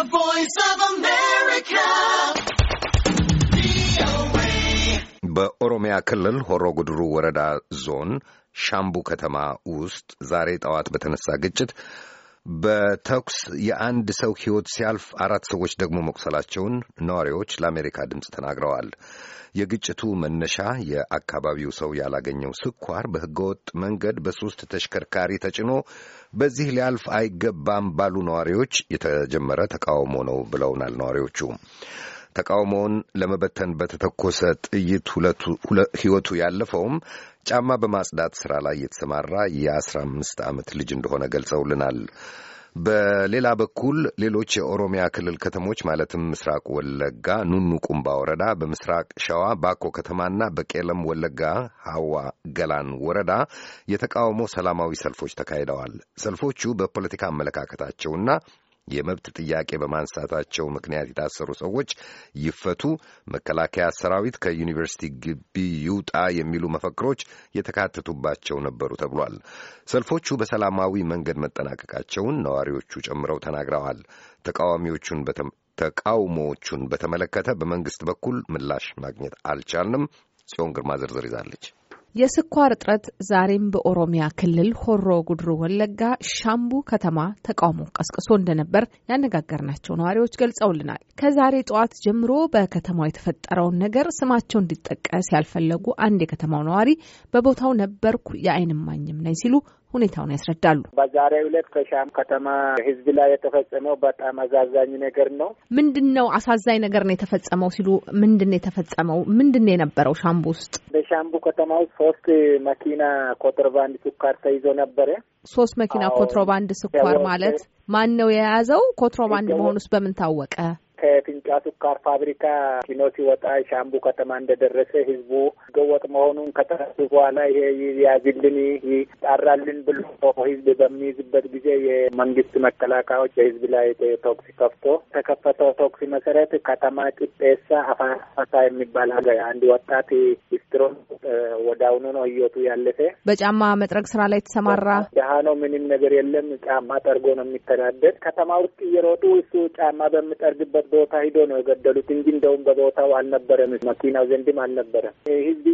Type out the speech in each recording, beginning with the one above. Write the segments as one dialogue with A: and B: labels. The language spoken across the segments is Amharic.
A: The Voice of America.
B: በኦሮሚያ ክልል ሆሮ ጉድሩ ወረዳ ዞን ሻምቡ ከተማ ውስጥ ዛሬ ጠዋት በተነሳ ግጭት በተኩስ የአንድ ሰው ሕይወት ሲያልፍ አራት ሰዎች ደግሞ መቁሰላቸውን ነዋሪዎች ለአሜሪካ ድምፅ ተናግረዋል። የግጭቱ መነሻ የአካባቢው ሰው ያላገኘው ስኳር በሕገወጥ መንገድ በሦስት ተሽከርካሪ ተጭኖ በዚህ ሊያልፍ አይገባም ባሉ ነዋሪዎች የተጀመረ ተቃውሞ ነው ብለውናል ነዋሪዎቹ። ተቃውሞውን ለመበተን በተተኮሰ ጥይት ሕይወቱ ያለፈውም ጫማ በማጽዳት ሥራ ላይ የተሰማራ የአስራ አምስት ዓመት ልጅ እንደሆነ ገልጸውልናል። በሌላ በኩል ሌሎች የኦሮሚያ ክልል ከተሞች ማለትም ምስራቅ ወለጋ ኑኑ ቁምባ ወረዳ፣ በምስራቅ ሸዋ ባኮ ከተማና በቄለም ወለጋ ሐዋ ገላን ወረዳ የተቃውሞ ሰላማዊ ሰልፎች ተካሂደዋል። ሰልፎቹ በፖለቲካ አመለካከታቸውና የመብት ጥያቄ በማንሳታቸው ምክንያት የታሰሩ ሰዎች ይፈቱ፣ መከላከያ ሰራዊት ከዩኒቨርሲቲ ግቢ ይውጣ የሚሉ መፈክሮች የተካተቱባቸው ነበሩ ተብሏል። ሰልፎቹ በሰላማዊ መንገድ መጠናቀቃቸውን ነዋሪዎቹ ጨምረው ተናግረዋል። ተቃዋሚዎቹን ተቃውሞዎቹን በተመለከተ በመንግስት በኩል ምላሽ ማግኘት አልቻልንም። ጽዮን ግርማ ዝርዝር ይዛለች።
A: የስኳር እጥረት ዛሬም በኦሮሚያ ክልል ሆሮ ጉድሩ ወለጋ ሻምቡ ከተማ ተቃውሞ ቀስቅሶ እንደነበር ያነጋገርናቸው ነዋሪዎች ገልጸውልናል። ከዛሬ ጠዋት ጀምሮ በከተማው የተፈጠረውን ነገር ስማቸው እንዲጠቀስ ያልፈለጉ አንድ የከተማው ነዋሪ በቦታው ነበርኩ፣ የአይን እማኝም ነኝ ሲሉ ሁኔታውን ያስረዳሉ።
C: በዛሬው ዕለት ከሻም ከተማ ህዝብ ላይ የተፈጸመው በጣም አሳዛኝ ነገር ነው።
A: ምንድን ነው አሳዛኝ ነገር ነው የተፈጸመው ሲሉ ምንድን ነው የተፈጸመው? ምንድን ነው የነበረው? ሻምቡ ውስጥ
C: በሻምቡ ከተማ ውስጥ ሶስት መኪና ኮንትሮባንድ ስኳር ተይዞ ነበረ።
A: ሶስት መኪና ኮንትሮባንድ ስኳር ማለት ማን ነው የያዘው? ኮንትሮባንድ መሆኑስ በምን ታወቀ?
C: ከፊንጫ ስኳር ፋብሪካ ኪኖ ሲወጣ ሻምቡ ከተማ እንደደረሰ ህዝቡ ገወጥ መሆኑን ከተረዱ በኋላ ይሄ ያዝልን ይጣራልን ብሎ ህዝብ በሚይዝበት ጊዜ የመንግስት መከላከያዎች በህዝብ ላይ ቶክሲ ከፍቶ ተከፈተው ቶክሲ መሰረት ከተማ ጭጤሳ አፋፋሳ የሚባል አንድ ወጣት ስትሮን ወደ አሁኑ ነው ህይወቱ ያለፈ።
A: በጫማ መጥረግ ስራ ላይ ተሰማራ
C: ድሀ ነው፣ ምንም ነገር የለም። ጫማ ጠርጎ ነው የሚተዳደር። ከተማ ውስጥ እየሮጡ እሱ ጫማ በምጠርግበት ቦታ ሂዶ ነው የገደሉት እንጂ እንደውም በቦታው አልነበረም፣ መኪና ዘንድም አልነበረም። ህዝብ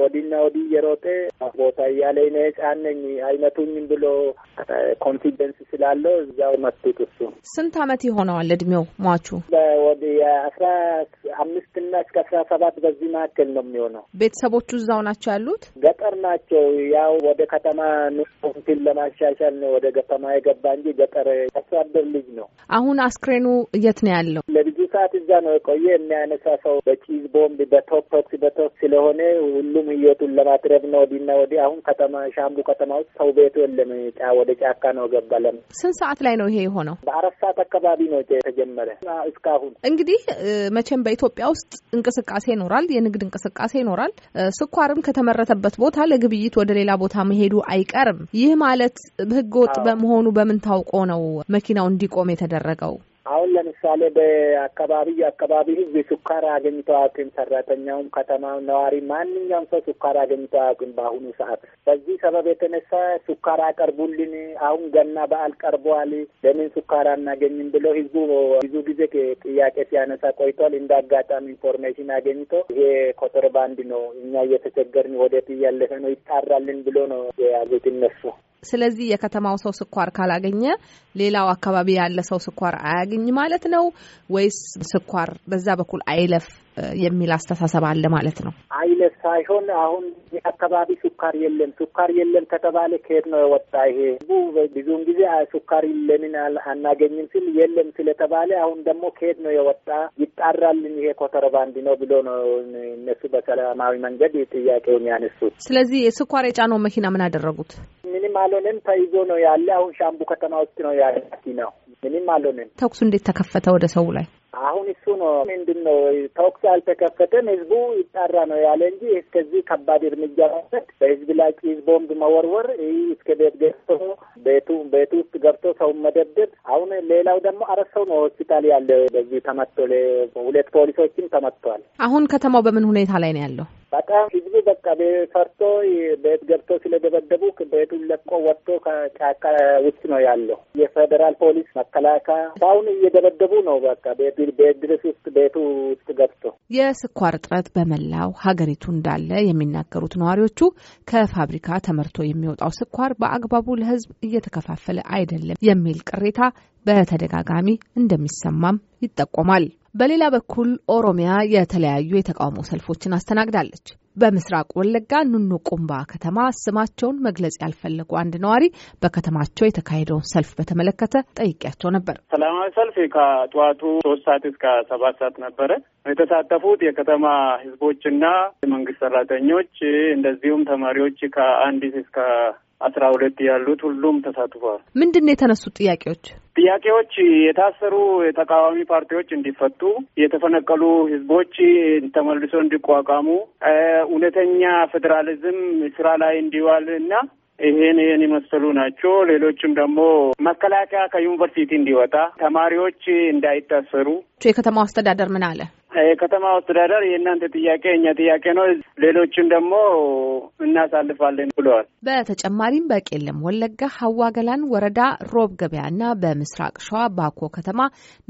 C: ወዲና ወዲ እየሮጠ ቦታ እያለ ነ ጫነኝ አይመቱኝም ብሎ ኮንፊደንስ ስላለው እዚያው መቱት። እሱ
A: ስንት አመት ይሆነዋል እድሜው ሟቹ?
C: ወደ አስራ አምስት እና እስከ አስራ ሰባት በዚህ መካከል ነው የሚሆነው።
A: ቤተሰቦቹ እዛው ናቸው ያሉት፣
C: ገጠር ናቸው። ያው ወደ ከተማ ኑሮውን ለማሻሻል ነው ወደ ከተማ የገባ እንጂ ገጠር አስተዳደር ልጅ ነው።
A: አሁን አስክሬኑ የት ነው ያለው?
C: ሰዓት እዛ ነው የቆየ። የሚያነሳ ሰው በቺዝ ቦምብ፣ በቶክቶክ በቶክ ስለሆነ ሁሉም ህይወቱን ለማትረፍ ነው ወዲና ወዲህ። አሁን ከተማ ሻምቡ ከተማ ውስጥ ሰው ቤቱ የለም፣ ወደ ጫካ ነው ገባለም።
A: ስንት ሰዓት ላይ ነው ይሄ የሆነው?
C: በአራት ሰዓት አካባቢ ነው የተጀመረ። እስካሁን
A: እንግዲህ መቼም በኢትዮጵያ ውስጥ እንቅስቃሴ ይኖራል፣ የንግድ እንቅስቃሴ ይኖራል። ስኳርም ከተመረተበት ቦታ ለግብይት ወደ ሌላ ቦታ መሄዱ አይቀርም። ይህ ማለት ህገወጥ በመሆኑ በምን ታውቆ ነው መኪናው እንዲቆም የተደረገው?
C: አሁን ለምሳሌ በአካባቢ አካባቢ ህዝብ ሱካር አገኝቶ አያውቅም። ሰራተኛውም፣ ከተማው ነዋሪ፣ ማንኛውም ሰው ሱካር አገኝቶ አያውቅም በአሁኑ ሰዓት። በዚህ ሰበብ የተነሳ ሱካር አቀርቡልን፣ አሁን ገና በዓል ቀርበዋል፣ ለምን ሱካር አናገኝም ብሎ ህዝቡ ብዙ ጊዜ ጥያቄ ሲያነሳ ቆይቷል። እንደ አጋጣሚ ኢንፎርሜሽን አገኝቶ ይሄ ኮንትሮባንድ ነው፣ እኛ እየተቸገርን ወደት እያለፈ ነው፣ ይጣራልን ብሎ ነው የያዙት እነሱ።
A: ስለዚህ የከተማው ሰው ስኳር ካላገኘ ሌላው አካባቢ ያለ ሰው ስኳር አያገኝ ማለት ነው ወይስ ስኳር በዛ በኩል አይለፍ የሚል አስተሳሰብ አለ ማለት ነው?
C: አይለፍ ሳይሆን አሁን የአካባቢ ስኳር የለም ስኳር የለም ከተባለ ከየት ነው የወጣ ይሄ? ብዙውን ጊዜ ስኳር ለምን አናገኝም ስል የለም ስለተባለ አሁን ደግሞ ከየት ነው የወጣ ይጣራልን ይሄ ኮንትሮባንድ ነው ብሎ ነው እነሱ በሰላማዊ መንገድ ጥያቄውን ያነሱት።
A: ስለዚህ የስኳር የጫነው መኪና ምን አደረጉት?
C: ምንም አልሆነም። ተይዞ ነው ያለ። አሁን ሻምቡ ከተማ ውስጥ ነው ያለ ነው። ምንም አልሆነም።
A: ተኩሱ እንዴት ተከፈተ ወደ ሰው ላይ?
C: አሁን እሱ ነው ምንድን ነው ተኩስ አልተከፈተም። ህዝቡ ይጣራ ነው ያለ እንጂ እስከዚህ ከባድ እርምጃ ማለት በህዝብ ላይ ጭስ ቦምብ መወርወር እስከ ቤት ገጽቶ ቤቱ ቤቱ ውስጥ ገብቶ ሰውን መደብደብ። አሁን ሌላው ደግሞ አራት ሰው ነው ሆስፒታል ያለ በዚህ ተመቶ ሁለት ፖሊሶችም ተመጥተዋል።
A: አሁን ከተማው በምን ሁኔታ ላይ ነው ያለው?
C: በጣም ህዝቡ በቃ ፈርቶ ቤት ገብቶ ስለደበደቡ ቤቱን ለቆ ወጥቶ ከጫካ ውስጥ ነው ያለው። የፌዴራል ፖሊስ፣ መከላከያ አሁን እየደበደቡ ነው። በቃ ቤት ድረስ ውስጥ ቤቱ ውስጥ ገብቶ
A: የስኳር እጥረት በመላው ሀገሪቱ እንዳለ የሚናገሩት ነዋሪዎቹ ከፋብሪካ ተመርቶ የሚወጣው ስኳር በአግባቡ ለህዝብ እየተከፋፈለ አይደለም የሚል ቅሬታ በተደጋጋሚ እንደሚሰማም ይጠቆማል። በሌላ በኩል ኦሮሚያ የተለያዩ የተቃውሞ ሰልፎችን አስተናግዳለች። በምስራቅ ወለጋ ኑኑ ቁምባ ከተማ ስማቸውን መግለጽ ያልፈለጉ አንድ ነዋሪ በከተማቸው የተካሄደውን ሰልፍ በተመለከተ ጠይቂያቸው ነበር።
C: ሰላማዊ ሰልፍ ከጠዋቱ ሶስት ሰዓት እስከ ሰባት ሰዓት ነበረ። የተሳተፉት የከተማ ህዝቦችና የመንግስት ሰራተኞች እንደዚሁም ተማሪዎች ከአንዲት እስከ አስራ ሁለት ያሉት ሁሉም ተሳትፏል።
A: ምንድን ነው የተነሱት ጥያቄዎች?
C: ጥያቄዎች የታሰሩ የተቃዋሚ ፓርቲዎች እንዲፈቱ፣ የተፈነቀሉ ህዝቦች ተመልሶ እንዲቋቋሙ፣ እውነተኛ ፌዴራሊዝም ስራ ላይ እንዲዋል እና ይሄን ይሄን የመሰሉ ናቸው። ሌሎችም ደግሞ መከላከያ ከዩኒቨርሲቲ እንዲወጣ፣ ተማሪዎች እንዳይታሰሩ።
A: የከተማው አስተዳደር ምን አለ?
C: የከተማው አስተዳደር የእናንተ ጥያቄ እኛ ጥያቄ ነው፣ ሌሎችን ደግሞ እናሳልፋለን ብለዋል።
A: በተጨማሪም በቄለም ወለጋ ሀዋ ገላን ወረዳ ሮብ ገበያና በምስራቅ ሸዋ ባኮ ከተማ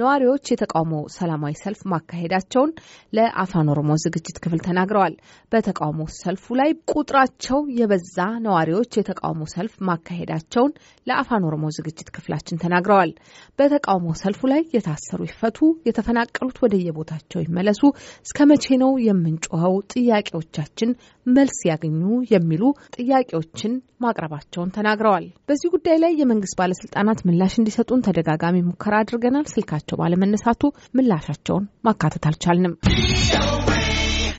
A: ነዋሪዎች የተቃውሞ ሰላማዊ ሰልፍ ማካሄዳቸውን ለአፋን ኦሮሞ ዝግጅት ክፍል ተናግረዋል። በተቃውሞ ሰልፉ ላይ ቁጥራቸው የበዛ ነዋሪዎች የተቃውሞ ሰልፍ ማካሄዳቸውን ለአፋን ኦሮሞ ዝግጅት ክፍላችን ተናግረዋል። በተቃውሞ ሰልፉ ላይ የታሰሩ ይፈቱ፣ የተፈናቀሉት ወደየቦታቸው መመለሱ እስከ መቼ ነው የምንጮኸው? ጥያቄዎቻችን መልስ ያገኙ የሚሉ ጥያቄዎችን ማቅረባቸውን ተናግረዋል። በዚህ ጉዳይ ላይ የመንግስት ባለስልጣናት ምላሽ እንዲሰጡን ተደጋጋሚ ሙከራ አድርገናል። ስልካቸው ባለመነሳቱ ምላሻቸውን ማካተት አልቻልንም።